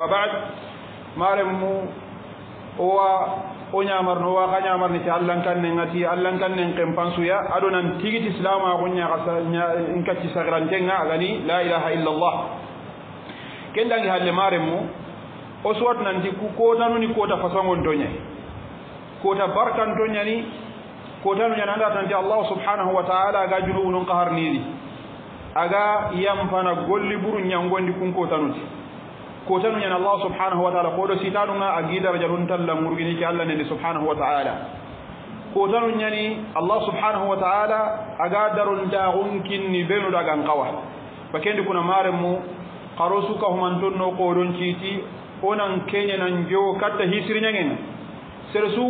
ma بعد مارمو owa o ñamarno owa xa ñamarni ti allankannenga ti allankanneng qempansuya aɗo nan tigiti silamaxu ñaxain kacci saxirantenga agani la ilaha illa allah ken dangi halle maren mu o suwat nanti kotanuni kota façongon to ñani kota barkan to ñani kotanu ñani anda tanti allahu subhanahu wa taala aga junubu nun qaharniri aga yamfana golli buru ñangondi kun kotanuti كوتن ين الله سبحانه وتعالى قول سيتان ما أجيد رجل تلا مرغني كالله سبحانه وتعالى كوتن ين الله سبحانه وتعالى أقادر داغنكن بين داغن قوة فكين كنا مارمو قروسك هم أنتون نقولون تيتي onan kenya nan jo katta hisri nyangen sersu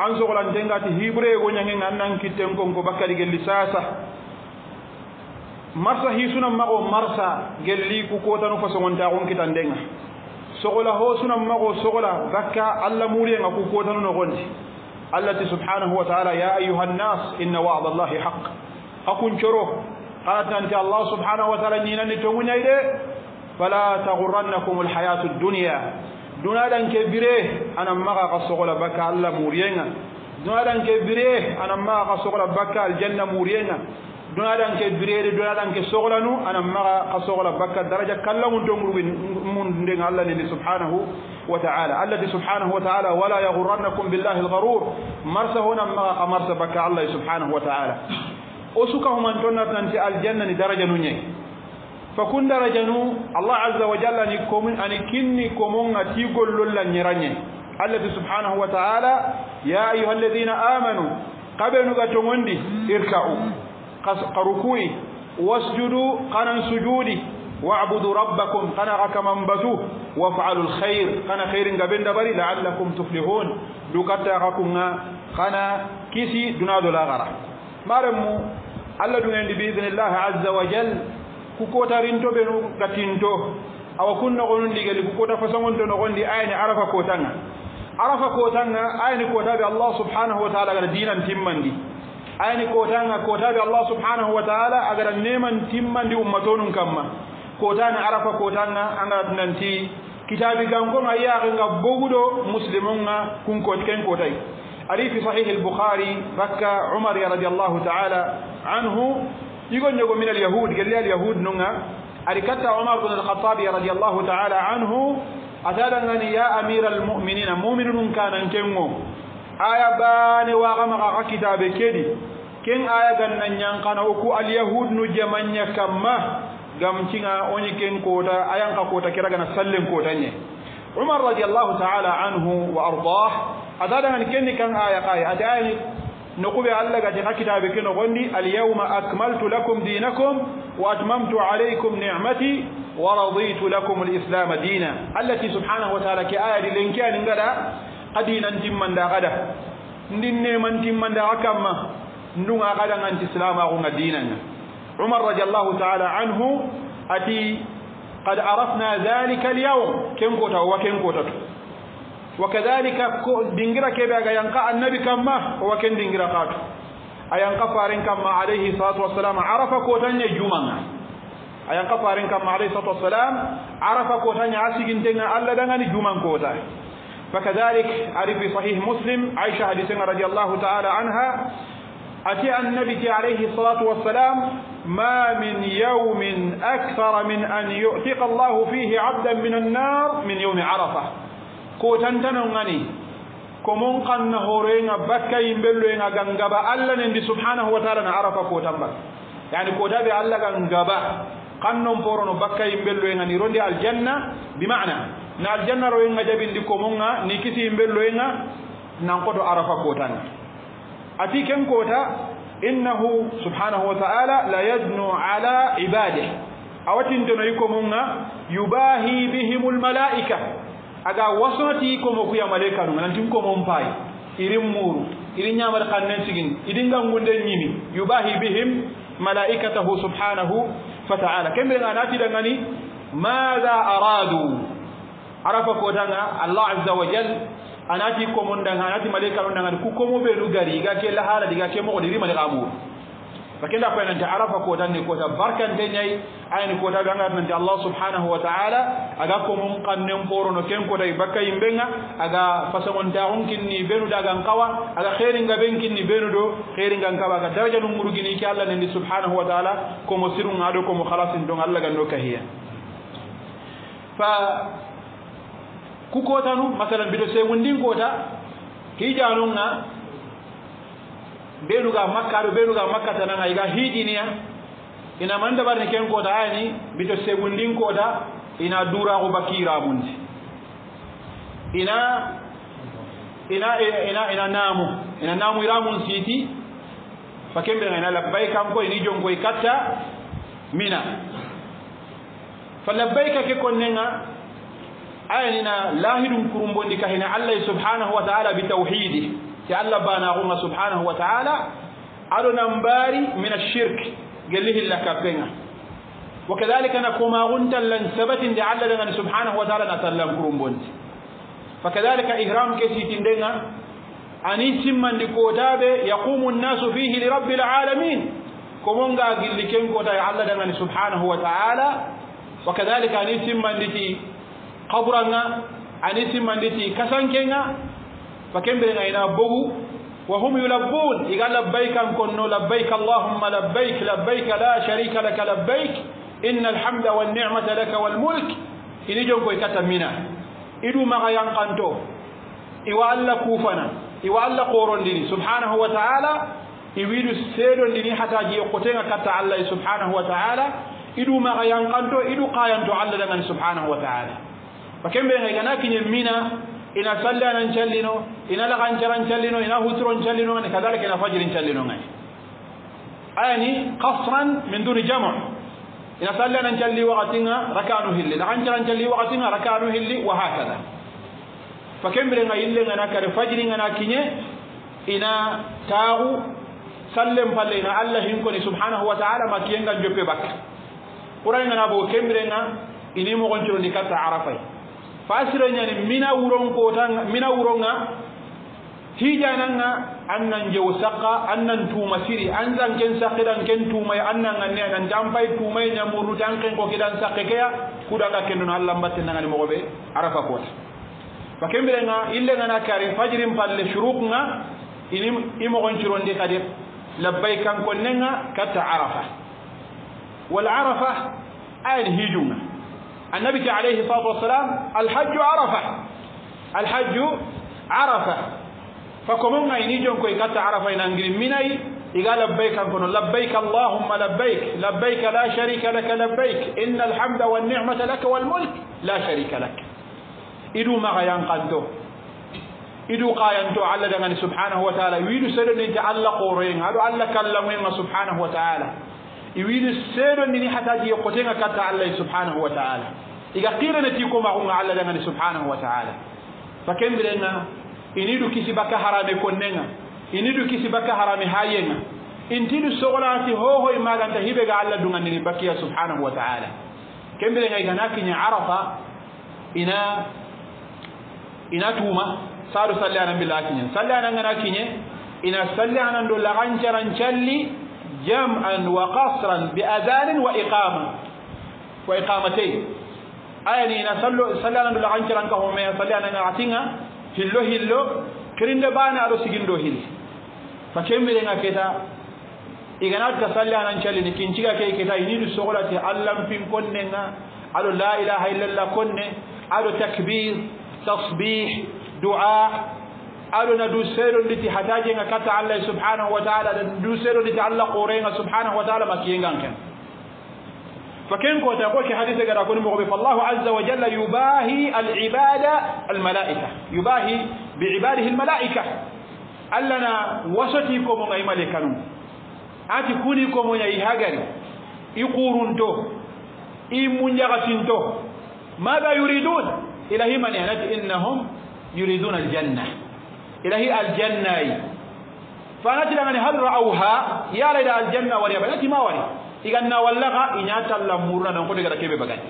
an sogolan tengati hibre go nyangen annan kitten konko bakkadi gelli sasa marsa hisuna mago marsa gelli ku kotanu fasogontaxun kitandenga sogola hosunan mago sogola bakka alla muriyen aku kotanu nogondi allati subhanahu wa ta'ala ya ayuha nnas inna wa'da allahi haq akun coro qalatanti allah subhanahu wa ta'ala ñinanni toguñayde fala tagurannakum alhayatu dunya dunaɗan ke bire anan maga ka sogola bakka alla muriyenga dunaɗan ke bire anan maga ka sogola bakka aljanna muriyenga dunaɗan ke bireede dunaɗan ke sohlanu ana maga ka sohla bakka daraja kallamun to ngurɓe mun nden allah nini subhanahu wa taala allati subhanahu wa taala wala yagurrannakum billahi lgarur marsa hona maga ka marsa bakka allah subhanahu wa taala o suka human ton natnanti aljanna ni daraja nu ñayi fa kun daraja nu allah aza wa jalla ni komun ani kinni komonga tigol lolla ñerañe allati subhanahu wa taala ya ayuha alladina amanu qaɓenuga togondi irka'u قركوي واسجدوا قنا سجودي واعبدوا ربكم قنا ركما بتو وافعلوا الخير قنا خير قبل دبري لعلكم تفلحون لكتا ركنا قنا كيسي دنا دولا غرا مرمو الله دون باذن الله عز وجل كوكوتا رينتو بنو كاتينتو او kun nogonun digali ku kota fasongonto nogondi ayani arafa kotanga كوتانا kotanga ayani kotaɓe allah subhanahu wa taala ayani kotanga kotaɓe allah subhanahu wa taala agara neman timman di ummatonum kamma kotani arafa kotanga anga nanti kitabi gankono a yaakenga boguɗo muslimon ga kunkoti ken kotay ari fi sahih bukhari rakka umar ya radiyallahu taala anhu igonnego min alyahud gelle alyahud nunga ari katta umar bne alkhatabi radiallahu taala anhu ataɗangani ya amira almuminina muminunum kanan kengo aya bane wakamaka ka kitabe keɗi كين آية غنن ينقان أوكو اليهود نجمان يكما غم تينا أوني كين كوتا أيان كوتا كيرا غنا سلم كوتا عمر رضي الله تعالى عنه وأرضاه أذا دهن كين كان آية قاية أتي آية نقول الله قد كتاب كن غني اليوم أكملت لكم دينكم وأتممت عليكم نعمتي ورضيت لكم الإسلام دينا التي سبحانه وتعالى كآية لنكان غدا قدينا تمن دا غدا ندين من دا أكمه ndunga gada nganti islama ko ngadina umar radiyallahu ta'ala anhu ati قد عرفنا ذلك اليوم كم كوتا وكم كوتا وكذلك دينغرا كيبا ينقى النبي كما وكن دينغرا قاتو أينقى فارن كما عليه الصلاة والسلام عرف كوتان يجوما أينقى فارن كما عليه الصلاة والسلام عرف كوتان عسجن تنا ألا دعاني جوما كوتا فكذلك عرف في صحيح مسلم عائشة حديثنا رضي الله تعالى عنها أتي النبي عليه الصلاة والسلام ما من يوم أكثر من أن يؤتق الله فيه عبدا من النار من يوم عرفة كوتنتن غني كمون قن هورين بكا ينبلوين غنغبا ألا ننبي سبحانه وتعالى عرفة كوتن بك يعني كوتا بي ألا غنغبا قنن فورن بكا ينبلوين نيروندي الجنة بمعنى نالجنة روين royinga دي كمون munga nikiti yimbelloyinga عرفة arafa أتي كوتا إنه سبحانه وتعالى لا يدنو على عباده أوتن تنيكم يباهي بهم الملائكة أدا وصنتيكم وكيا ملائكة ننتمكم أمباي إرم مورو إرم نعمل قنن إرم نعمل نيمي يباهي بهم ملائكته سبحانه وتعالى كم أناتي دغني ماذا أرادوا عرف كوتانا الله عز وجل anati komondan anati malaika non nan ku komo be lugari ga ke lahala diga ke mo odiri mali kamu fakenda ko nan ta arafa ko tan ne ko ta barkan de nyai ayni ko ta ganga nan ta Allah subhanahu wa ta'ala aga ko mun kannen poro no ken ko dai bakka imbenga aga fasamon ta onkin ni benu daga kawa aga khairin ga benkin ni benu do khairin ga kawa ga daraja dum murugini ki Allah ne subhanahu wa ta'ala ko mo sirun ado ko mo khalasin don Allah gando kahiya fa kukotanu masalan biɗo seygunndin goota hiijanun ga makka ɗo mbeɗuga makka tanan ayga hijiniya ina man barne ken koota ayani biɗo segundin koota ina bakira munji ina ina ina ina namu ina namu iramun siiti fakembe ina labbay ko ini jongo katta mina fa labbayka ke konnenga ayanina lahidum kurumbondi kahina allah subhanahu wa ta'ala bitawhidi ti allah banaguma subhanahu wa ta'ala aɗona mbari min ashirk gellihilla kappenga wa kadhalika na komaguntallan sabatinde allah ɗengani subhanahu wa ta'ala na tallan kurumbondi fa kadhalika ihram ke sitindenga ani simmandi kotaɓe yaqumu nnasu fihi li rabbil alamin komonga gilli ken kota e allah ɗengani subhanahu wa ta'ala wa kadhalika ani simmanditi kaburanga ani simmanditi kasankenga fakemberenga ina bogu wa hum yulabbun iga labbayk an konno labbayk allahumma labbayk labbayk la sharika laka labbayk inna alhamda wannimata laka walmulk ini jonkoy kata mina iɗumaga yankanto iwa allah kufana iwa allah korondini subhanahu wa taala iwiɗu seedondini hataji yokkotenga katta allah subhanahu wa taala iɗumaga yankanto iɗu kayanto allah dagani subhanahu wa taala bakembe haigana kinye mina ina salli anan challino ina lagan charan challino ina hutron challino ngani kadhalika ina fajrin challino ngani yani qasran min duni jamu ina salli anan challi waqtinga rakanu hilli lagan charan challi waqtinga rakanu hilli wa hakadha fakembe nga ille ngana kare fajri ngana kinye ina taagu sallen palle ina allah hinkoni subhanahu wa taala makiyenga joppe bakka qur'an ngana bo kembe nga ini mo gonchoro dikata arafai fasiro ñani mina wuron kotanga mina wuronga hijananga annan jew sakka annan tuma siri an zan ken sakke dan ken tuma annan anne dan jampay tuma nya muru dan ken ko kidan sakke kaya kudanga ken non Allah mbatte nangani mo be arafa ko fa kembere nga ille ngana kare fajrim palle shuruq nga inim imo gon cironde kade labbaykan ko nenga kata arafa wal arafa al hijunga النبي عليه الصلاة والسلام الحج عرفة الحج عرفة فكمون ينيجون كي كتا عرفة من أي إذا لبيك أنكم لبيك اللهم لبيك لبيك لا شريك لك لبيك إن الحمد والنعمة لك والملك لا شريك لك إدو ما قدو إدو تو على دغني سبحانه وتعالى ويدو سدن إنت الله قورين هذا الله كلمين سبحانه وتعالى iwino seeɗo ndini hataji yokkotenga katta allah subhanahu wa taala iga qiranati komaxunga allah dangani subhanahu wa taala fa kembirenga iniɗu kisi bakka harame konnenga iniɗu kisi bakka harame hayenga intiɗu soxolati hohoy maganta hiɓega allah dungandini bakkiya subhanahu wa taala kembirenga igana kiña arafa ina ina tuuma saaɗo salli anan billa kiñen salli anangana kiñe ina salli anan do laxancaran calli جمعا وقصرا بأذان وإقامة وإقامتين ayani ina sallo sallana ndu an kiran ka homo ya sallana na atinga hillo hillo kirinde bana ado sigindo hilli fa kembere nga keta igana ka sallana challi ni kinciga ke keta ini du sogolati allam pin konne nga ado la ilaha illallah konne ado takbir tasbih du'a alona du seeɗonɗiti hatajenga katta allah subhanahu wa taala ɗa du seeɗonɗiti allah qorenga subhanahu wa taala makkiyengan ken fa ken kota koke hadise gaɗa koni mogoɓe fallahu aza wa jalla yubahi alibada almalaika yubahi bi ibadihi almalaika allah na wasoti komo gay malaika num ati kuni komo yayi hagari i qurunto i munjagatinto maga yuridun ilahimani anati innahum yuriduna aljanna إلهي الجنة فنتلا من هل رأوها يا ليت الجنة وريا بنتي ما وري إذا والله إن أتلا مرنا نقول لك كيف بقتي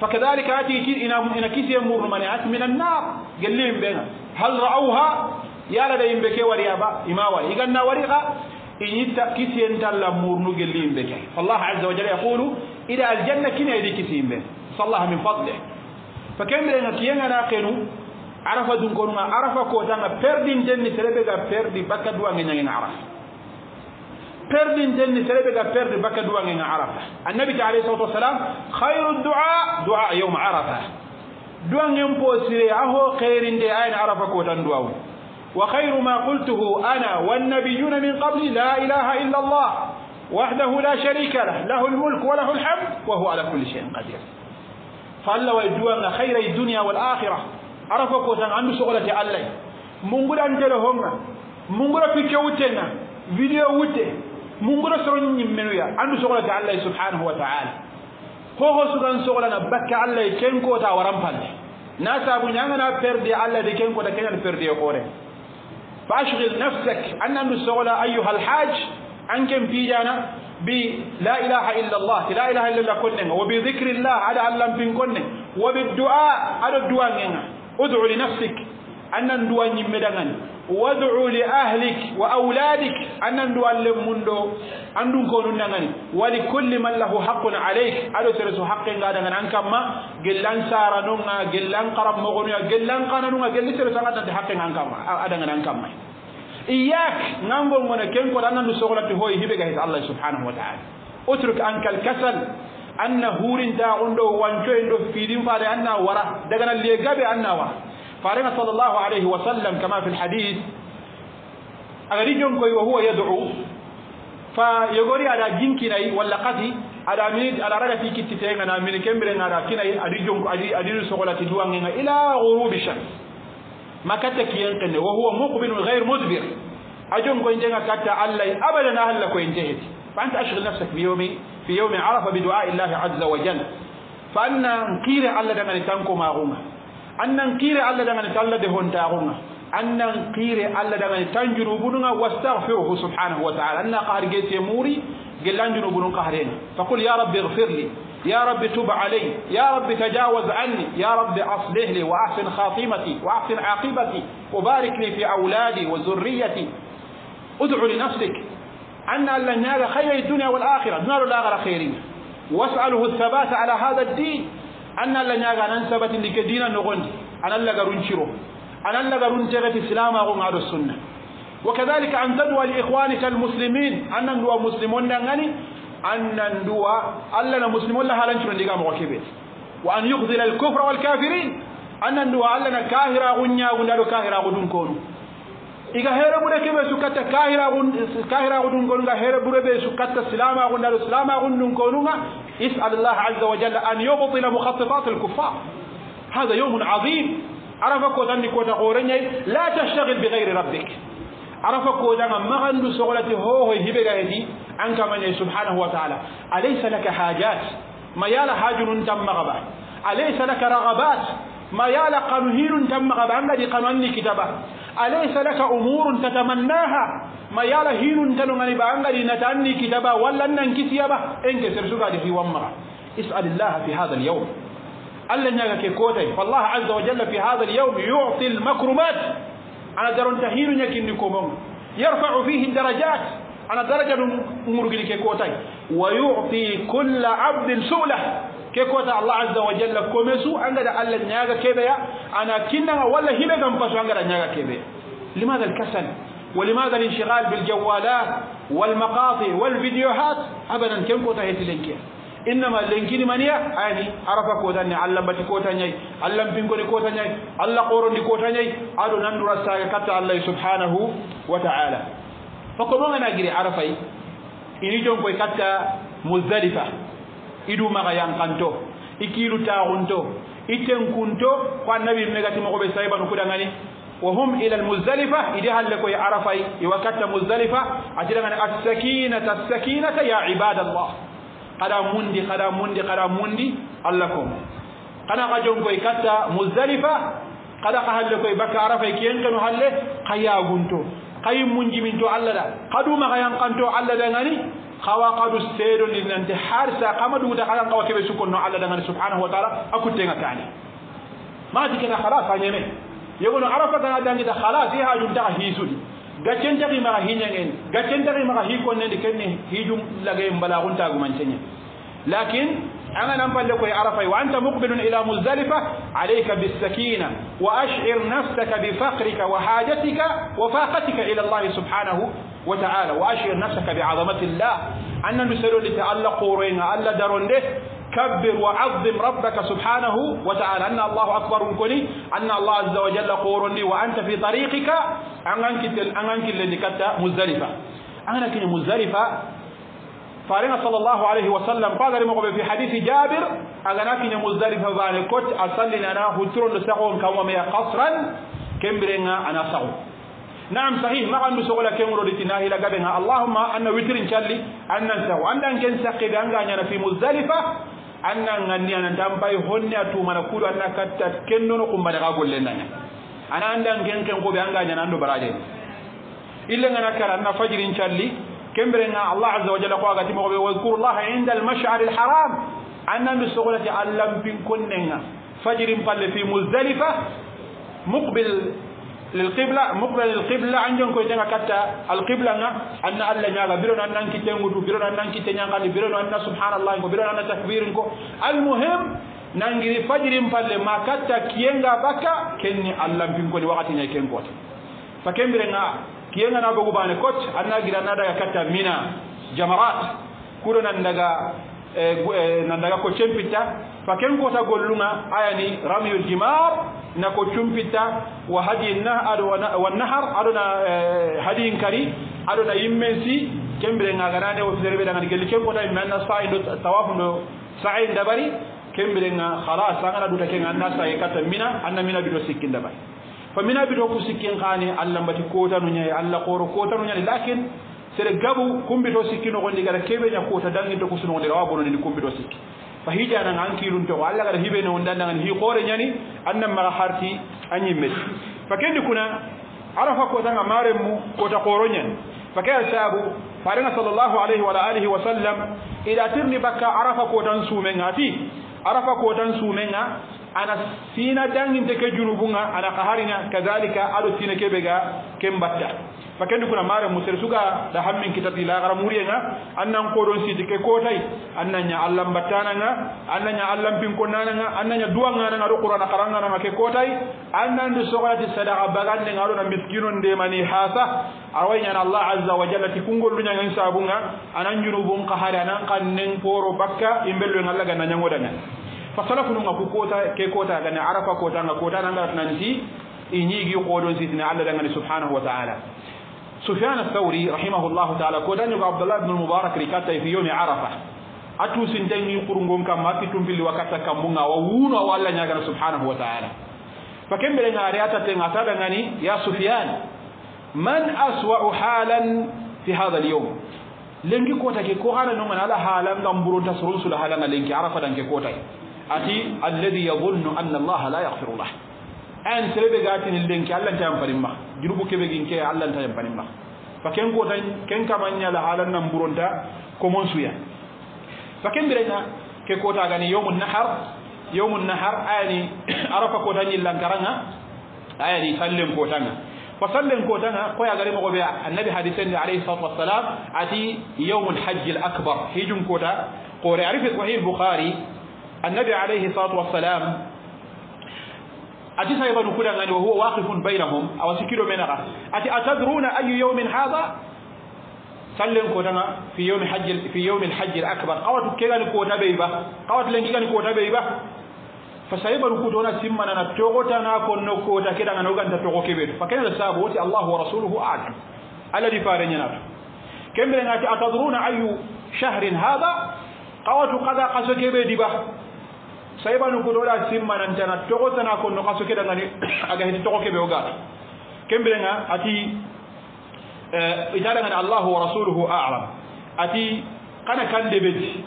فكذلك أتي إن إن كيسي من أتى من النار قال لهم بين هل رأوها يا لدى ينبكي وريا با إما وري إذا نولغا إن كيسي أنتلا مرنا قال لهم بكي فالله عز وجل يقول إلى الجنة كنا يدي كيسي بين صلى الله من فضله فكم لنا كينا ناقنوا arafa dun ko konunga arafa ko tanga perdin jenni terebe ga perdi baka bakka duwange ñagenga arafa perdin jenni terebe ga perdi baka bakka duwangenga arafa annabi ta alayhi salatu wasalam khairu dua dua yawm arafa dua duwangen sire a ho de ayani arafa ko tan dua wa khairu ma qultuhu ana wan nabiyuna min qabli la ilaha illa allah وحده لا شريك له له الملك وله الحمد وهو على كل شيء قدير فالله ويدوان خير الدنيا والآخرة arafa ko tan andu sokolate allah mungura ndelo honga mungura picce wuttenga vidéo wute mungura soron ñimmenuya andu sokolate allah subhanahu wa taala ko hoho sugan sohlana bakke allah waran warampande na sabu nyanga na perde allah de ken ko kenkota keñan perde ko re fa nafsak anna andu sohla ayyuha alhaj anken piijana bi la ilaha illa allah ti la ilaha illa llah konnenga wo bi dicrillah aɗa allahmpin konne wo bi du'a aɗa duwa ngenga ادعو لنفسك أن ندوى نمدغن وادعو لأهلك وأولادك أن ندوى لمندو أن نكون ندغن ولكل من له حق عليك أدو ترس حق غادغن أنك ما قلان سارة نونا قلان قرب مغنيا قلان قانونا قلان ترس أنت حق أنك ما أدغن أنك ما إياك ننظر من كنكو لأننا نسوغلت هو يهبك الله سبحانه وتعالى اترك عنك الكسل anna hurinta on ɗo wanco en ɗo fiiɗin faade anna wara daga na legaɓe anna wara farenga sallllahu alayhi wa sallam kama fi lhadis agari jon koy wa huwa yadu fa yogori aɗa jinkinayi walla kati aɗa mini aɗa raga ti kittitenga na mini kembirenga aɗa kinayi aɗi jonko aɗi aɗiri soholati duwangenga ila gurubi shams ma katta kiyen kene wa huwa muqbilun gayre mudbir a jon koye njenga katta allah abadan a halla koye njeheti fa anta ashgil nafsak bi yomi في يوم عرفة بدعاء الله عز وجل فأنا نقير الله دمن تنكم أغنى أنا نقير الله دمن تالله دهون أغنى ان نقير الله دمن تنجروا بنا واستغفره سبحانه وتعالى أنا قهر جيت يموري جلانجرو أنجروا قهرين فقل يا رب اغفر لي يا رب تب علي يا رب تجاوز عني يا رب أصلح لي وأحسن خاتمتي وأحسن عاقبتي وبارك لي في أولادي وذريتي ادعو لنفسك أن أن هذا خير الدنيا والآخرة نال الآخرة خيرين واسأله الثبات على هذا الدين أن أن نال أن ثبت لك دينا نغند أن الله قرنشره أن الله قرنتغت إسلام ومعد السنة وكذلك أن تدوى لإخوانك المسلمين أن ندوى مسلمون نغني أن ندوى ألا مسلمون لها لنشر لقام وكبير وأن يخذل الكفر والكافرين أن ندوى ألا كاهرا غنيا غنيا كاهرا غنيا كونه iga here kahira gun sukkatta kahiraxudun gonu nga here ɓure silama gun dar silama gun nun konunga is allah azza wa jalla an yubtil yobtila al alkuffar hada yawm azim arafa ko dan kotanni kota xooreñay la bi ghairi rabbik arafa ko dan kodanga ho ho hibe ga heti an kamañay subhanahu wa taala alaysa laka hajat ma yala hajun tam maxaba alaysa laka ragabat ma yala qanuhinun tan maxaba an gadi qanu an kitaba أليس لك أمور تتمناها ما يالا هين تنغني بانغري نتاني كتابا ولا ننكسيابا انك سرسوكا دي ومرا اسأل الله في هذا اليوم ألا نيغا كوتي فالله عز وجل في هذا اليوم يعطي المكرمات أنا درون تهين يكن كومون يرفع فيه الدرجات أنا درجة أمور كوتي ويعطي كل عبد سؤله ke kota allah azza wa jalla kome su angada allah ñaaga keɓeya ana kinnanga walla hiɓe gam pasu angada ñaaga keɓeya limada alkasal ولماذا الانشغال بالجوالات والمقاطع والفيديوهات ابدا كم كوتا هيتلنكيا innama lenkini maniya ani arafa kota ñayi allah mbati kota ñayi allah mpingoni kota ñayi allah qorondi kota ñayi aɗo nandura saga katta allah subhanahu wa taala foko ɗo ganagiri arafay ini jon koye katta musdalifa idu maga yankanto ikilu taxunto itenkunto ko annabi negati mogo ɓe saybanu kudangani wa hum ila almuzdalifa ide halle koye arafay iwa katta muzdalifa atirangani assakinata assakinata ya ibadallah kada mundi kada mundi kada mundi allah kom kana ka jon koye katta muzdalifa kada ka halle koye bakka arafay kiyenkenu halle ka yagunto munjiminto allah da kaduma yankanto allah dangani خوا قد السير للانتحار ساقم دو دخل قوا كيف سكون نو الله دغان سبحانه وتعالى اكو تينا كاني ما تيك خلاص اني مي يقولوا عرفت انا دغان خلاص هي حاجه انتهى هي سودي غاتين تري ما هي نين غاتين تري ما هي كون ندي كني هيجوم لاغي مبلغون تاغ مانتني لكن انا لم نمبل يا عرفة وانت مقبل الى مزدلفه عليك بالسكينه واشعر نفسك بفقرك وحاجتك وفاقتك الى الله سبحانه وتعالى وأشعر نفسك بعظمة الله أن نسأل لتألق رينا ألا درنده كبر وعظم ربك سبحانه وتعالى أن الله أكبر من كل أن الله عز وجل قورني وأنت في طريقك أنك أنك الذي كنت مزدلفة انك مزدلفة فارنا صلى الله عليه وسلم قال في حديث جابر أنك مزدلفة بعد كنت أصلي أنا هترون لسقون كومي قصرا كمبرنا أنا سقون نعم صحيح ما عم سوغلا لك دي تناهي لا غبنها اللهم ان وتر ان شالي ان ننسى وان ان كان سقي بانغا في مزدلفه ان ان ان تامباي هوني اتو مانا كولو ان كت كنون كومبا بنا غول لنا انا ان ان كان كان كوبي انغا انا ندو براجع الا ان كان ان فجر ان كم كمبرنا الله عز وجل قوة قتيم قبي وذكر الله عند المشعر الحرام ان ان لك علم بين كننا فجر بالله في مزدلفه مقبل للقبلة مقبل القبلة عندهم كوي تنغا كتا القبلة نا أن الله نياغا بيرون أن نانكي تنغدو بيرون أن نانكي تنغاني بيرون أن سبحان الله بيرون أن تكبير المهم nangiri fajiri mpalle ma katta kiyenga baka kenni allah mpinkoni wakati ñay ken gote fa kembire nga kiyenga na bogu bane koc anna gira na daga katta mina jamarat kuro nan daga eh, nan daga ko cempitta fa ken gota gollunga ayani ramyul jimar nako cumpitta wa hadi wannahar aɗona hadiin kari aɗona yimmen si kembire gaganade o feere ɓeɗagani gelli ken kota yimɓe anna sa'i ɗo tawafu ɗo sa'in dabari kembirenga halas angana ɗuta kenga anna sa'i katta mina anna mina biɗo sikkin dabari fa mina biɗo ku sikkin kani allah mbati kotanu ñayi allah koro kotanu ñani lakin sere gabu kumbito sikkinogonɗi gara keɓeña kota danginto kusunogondira awa bononini kumbito sikki fa hijanan an kiilum togo allah gara hiɓe no wonɗan ɗan hi hoore ñani annan maga harti a ñimmeti fa kendi kuna ara fa kotanga maren mu kota kooro ñani fa ke a saabu farenga sallllahu alayhi wala alihi wa sallam iɗa tirni bakka arafa kotan suumenga ti arafa kotan suumenga ana sina danginte ke junubunga ana kaharina kadalika aɗo sina keɓe ga ken batta fa kendi kuna mare mu ser suga da hammin kitati la gara muriya nga annan ko don siti ke ko tay annan nya allah battana nga annan nya allah pin ko nana nga annan nya duwa nga nga do qur'ana karanga nga ke ko tay annan du sogalati sadaqa bagande nga do na miskinun de mani hasa arwa nya allah azza wa jalla ti kungol dunya nga sabu nga anan junubun qahara kan kanin poro bakka imbelu nga allah ganna nyango dana fa salakun nga ku kota ke kota ganna arafa kota nga kota nga nanti inyigi ko don siti na allah dangane subhanahu wa ta'ala سفيان الثوري رحمه الله تعالى كوداني عبد الله بن المبارك ركعت في يوم عرفة أتو سنتين يقرون كم ما كتم في الوقت كم منا وونا ولا نجار سبحانه وتعالى فكم بين عريات تنعتاد غني يا سفيان من أسوأ حالا في هذا اليوم لينك kota كي ko hana على حالا halan gan burunta سلا حالا لينك عرفة لينك dan أتي الذي يظن أن الله لا يغفر له an serebe gatini lenki allah nta yampanin ma jurubu kebe ginke allah nta yampanin ma fa ken gota ken kamanñala haalan nan buronta komon suya fa ken mbirayna ke kotagani yowmu nahar yowmu nahar ayani arafa kota ñillankaranga ayani sallen kotanga fa sallen kotanga koyagari mogoɓe annabi hadisende alayhi salatu wassalam ati yowmu lhajji l acbar hijum kota kore ari fi sahih lboukari annabi alayhi salatu wassalam أتي سايبا نقول أن هو واقف بينهم أو سكيلو من أتي أتدرون أي يوم هذا سلم كونا في يوم الحج في يوم الحج الأكبر قوات كيلا نكون نبيبا قوات لنجيلا نكون نبيبا فسايبا نقول هنا سيما أنا توغوتا ناكو نكوتا كيلا نوغا أنت توغو فكان السابق الله ورسوله أعلم الذي فارني ناتو كم أتدرون أي شهر هذا قوات قذا قصد كبير saybanu kutoɗa simmanantana togo sana konno xa sokedangani aga heti togo keɓe o gaata kembirenga ati itarangani allahu wa rasuluhu alam ati kana kan deɓeti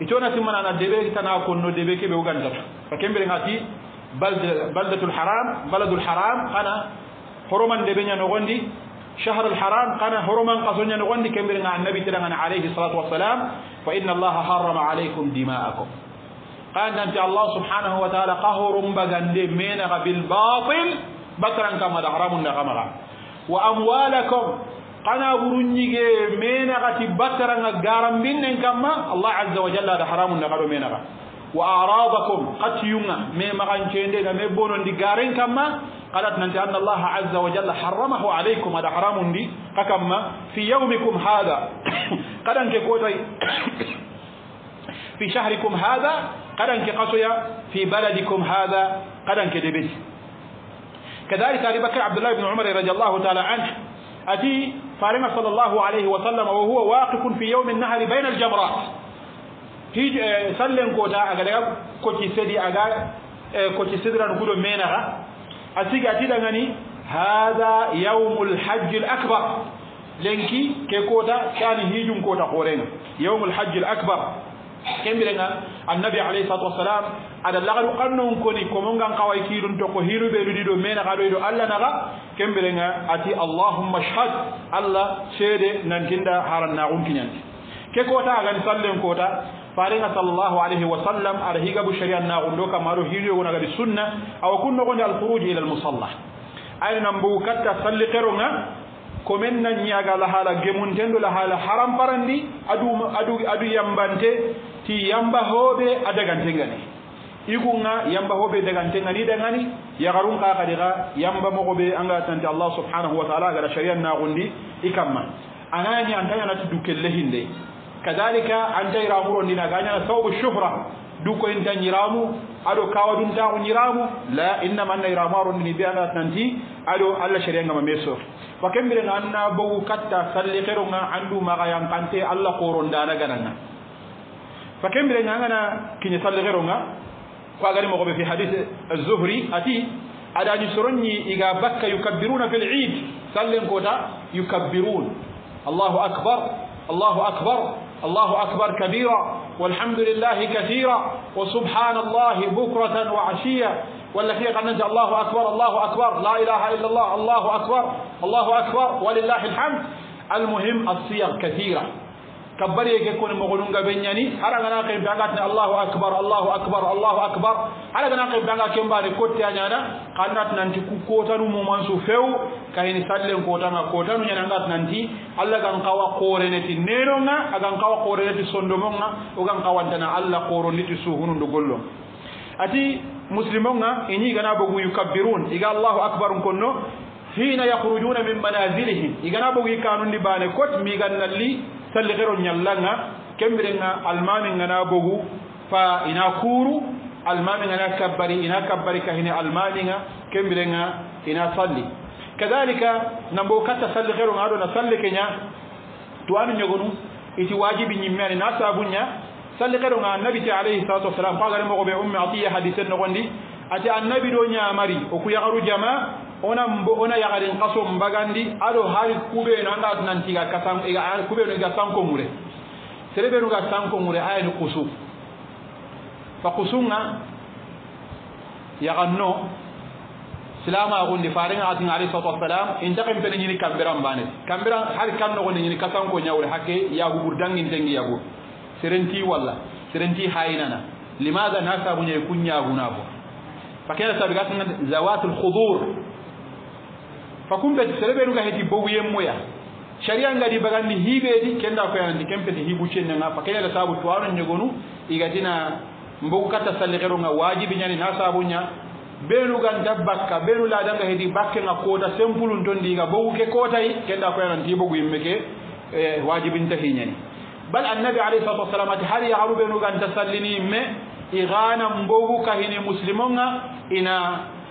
itona simmanana deɓe tana konno deɓe keɓe o gantata a kembirenga ati baldatul haram baladul haram kana horoman deɓe ñanogondi شهر الحرام قنا هرما قصنا نغني كمرنا عن النبي تلغنا عليه الصلاة والسلام فإن الله حرم عليكم دماءكم قال نبي الله سبحانه وتعالى قهر بغندي من بالباطل بكرا كما دحرام النقمة وأموالكم قنا برنجي من غتي بكرا غارم من كما الله عز وجل دحرام النقمة من وأعراضكم قد يونا من مغان شيندي من بون كما قالت ننتي أن الله عز وجل حرمه عليكم هذا حرام دي كما في يومكم هذا قد أنك في شهركم هذا قد انك قصيا في بلدكم هذا قد انك دبس كذلك أبي بكر عبد الله بن عمر رضي الله تعالى عنه أتي فارمة صلى الله عليه وسلم وهو واقف في يوم النهر بين الجمرات آه، سلم كوتا أقول لك كوتي سيدي أقول آه، كوتي سيدي نقول مينها أتيك أتي دعني هذا يوم الحج الأكبر لنكي كوتا كان هيجم كوتا قورين يوم الحج الأكبر kembirenga annabi alayhi salatu wassalam aɗa lagaru kannon koni ko mo komongan kawai kirun to ko hiru hiruɓe ɗuɗiɗo mena do allah naga kembirenga ati allahumma shhad allah seede nantinda harannagun kiñanti ke ko ta agani sallen ko ta kota farenga sallllahu alayhi wa sallam shari'an na sharia ka ɗo hiru go hiruyogon agadi sunna aw kunno go kunnogonde alkhuruji ila al musalla ay nan bu katta salli qirunga ko men nan la hala gemun gemunten la hala haram parandi adu adu adu yambante ti yamba hobe adagantengani igunga yamba hobe dagantengani dangani yagarun ka kadiga yamba mogobe anga tanti allah subhanahu wa ta'ala gara sharia na gundi ikamma anani antanya na tudukelle hinde kadhalika anta iramuro ndina ganya sababu shuhra duko inta nyiramu ado kawa dun ta nyiramu la inna man iramaru ni bi ana tanti ado alla sharia ngama meso wakembere na anna bawu katta salli khairu nga andu maga yankante alla qoron dana ganana أنا نانانا كيني سالغيرونا كواغاري مغوب في حديث الزهري اتي ادا نسرني إذا ايغا يكبرون في العيد صل كوتا يكبرون الله اكبر الله اكبر الله اكبر كبيرا والحمد لله كثيرا وسبحان الله بكرة وعشية ولا قال قناة الله اكبر الله اكبر لا اله الا الله الله اكبر الله اكبر ولله الحمد المهم الصيغ كثيره كبري يكون مغلون غبنياني هر انا قيل بانغات الله اكبر الله اكبر الله اكبر هر انا قيل بانغا كيم باري كوت يا نانا قانات نانتي كوتانو مومان سو فيو كاين سالين كوتانا كوتانو نانا غات نانتي الله كان قوا قورنتي نيرونا كان قوا قورنتي سوندومونا او كان قوا نتنا الله قورو نيتي سو هونو دوغولو اتي مسلمونا اني غنا بوغو يكبرون اي الله اكبر كونو حين يخرجون من منازلهم اي غنا بوغي كانون دي باني كوت ميغان نالي salli xero ñallanga kembirenga almamenga na bogu fa ina kuuru almamenga na kabbari ina kabbari kahine almamenga kembirenga ina salli kadalika nambo katta salli xero nga aɗo na salli keña tuwanu ñogonu iti wajibi ñimme na sabuña salli xero nga annabiti alayhi salatu wasalam pagare moxo ɓe umme atiya hadise noxondi ati annabi ɗo ñamari o kuyaxaru jama ona ona qaso kaso mbagandi ado hari kubeno anda tunantiga kasan iga kubeno iga sanko mure serebeno iga sanko mure aya ni kusu fa kusunga yaganno silama gundi faringa atin alayhi salatu wassalam intaqim tan nyini kambiran bane kambiran har kan no nyini kasan ko nyawre hakke ya gubur dangin tengi yago serenti walla serenti haynana limadha nasa bunya kunya gunabo fakena sabiga zawatul khudur fakumbe tisereberu ga heti bogu yemmoya sharia ngadi bagandi hiɓeeɗi kenda koyanandi kempete hiɓuccenne ga fa keñata sabu tuwano nyegonu igatina mbogu katta salli xeronga waajibi ñani na ga ɓeenuganta bakka la daga hedi bakke nga koota sempulu ndondi ga bogu ke kootayi kenda yandi bogu yimme ke eh, waajibinta nyani bal annabi alayhi salatu wasalam ati har yaharu ɓeenuganta sallini me igana mbogu kahini muslimonga ga ina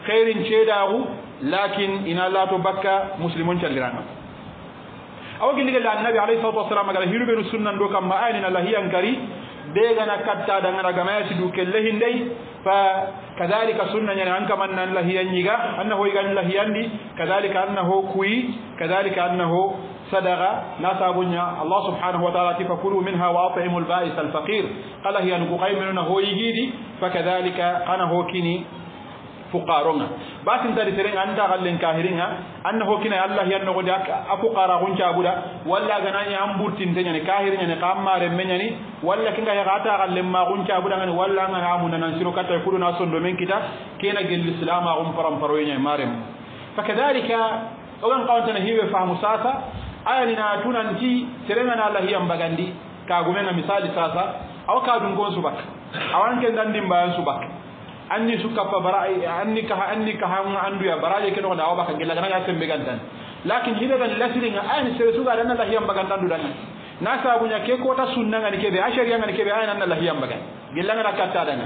xeerin ceeɗaagu لكن إن الله تبكى مسلمون شلرانا أو قل لقل النبي عليه الصلاة والسلام قال هيرو بين السنة دوكا ما أين الله هي أنكري دعنا كتا دعنا جماعة دوكا الله هندي فكذلك السنة يعني أنك من الله هي نجا أنه يجا الله هي عندي كذلك أنه كوي كذلك أنه صدقة لا تابنيا الله سبحانه وتعالى فكلوا منها وأطعموا البائس الفقير قال هي أنك قيمنا هو يجيدي فكذلك أنا هو كني fuqaronga batin tari tereng anta gallen kahiringa anna hokina allah yanno godi a fuqara gunca buda walla ganani amburtin tenyani kahiringa ne kammare menyani walla kinga ya gata gallen ma gunca buda ngani walla ngana hamuna nan sino kata kudu na sondo men kita kena gel islam a gum param paro yenya marem fakadhalika ogan qawtana hiwe fahamu sasa aya nina tunanti terenga na allah yambagandi kagumenga misali sasa awaka dungon subak awanke ndandimbayan subak anni suka sukappa bara anni ka anni ka kaha nga anduya baraje keno da awbaka gilla gana ya sembe gantan lakin hida dan lasiri nga an sere suga dan Allah yamba gantan dudan na bunya ke ko kota sunna ngani kebe ashariya ngani be ayan Allah yamba gan gilla ngana katta dana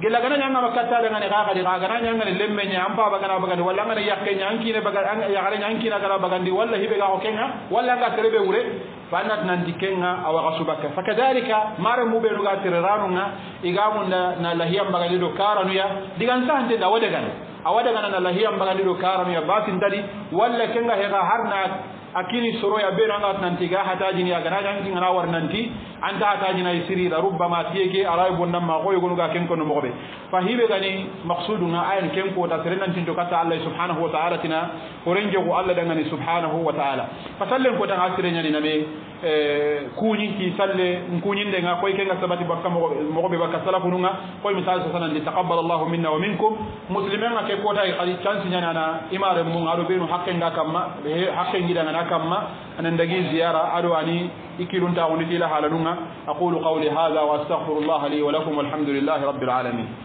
gila gana nyanga makata da ngani gaga di gaga gana nyanga lemme nya ampa baga na baga di walla ngana yakke nya anki ne baga an ya gare nya anki na gara baga di walla hibe ga o kenga walla ga terebe wure fanat nan di kenga awa gasubaka fakadalika mara mube ruga tirranu nga igamu na na lahiya baga di do karanu ya digan sa hande da wada gana awada gana na lahiya baga di do karanu ya batin dadi walla kenga hega harna akini soro ya be ranga nanti ga hataji ni aga na jangi ngana war nanti anta atañinayi sirira rubbama tiyeke arawi bonnanma koyo gonuga kenkono mogoɓe fa hiɓe gani maksudu ga ayan kenkota serenantinto katta allah subhanahu wa taala tina horen jogo allah ɗangani subhanahu wa taala fa sallen kota ha sireñaniname kuñi ki salle kuñinde ga koye kenga sabati bakka mogoɓe bakka salafunu ga koye misali sasanandi taqabbal llahu minna wa minkum muslimen ga ke kota kadi cansi ñanana imare mu aɗo ɓenu haqqe nga kamma haqqe giɗangana kamma anan dagi ziyara aɗo ani إكلون تاونتي لها لنها أقول قولي هذا وأستغفر الله لي ولكم والحمد لله رب العالمين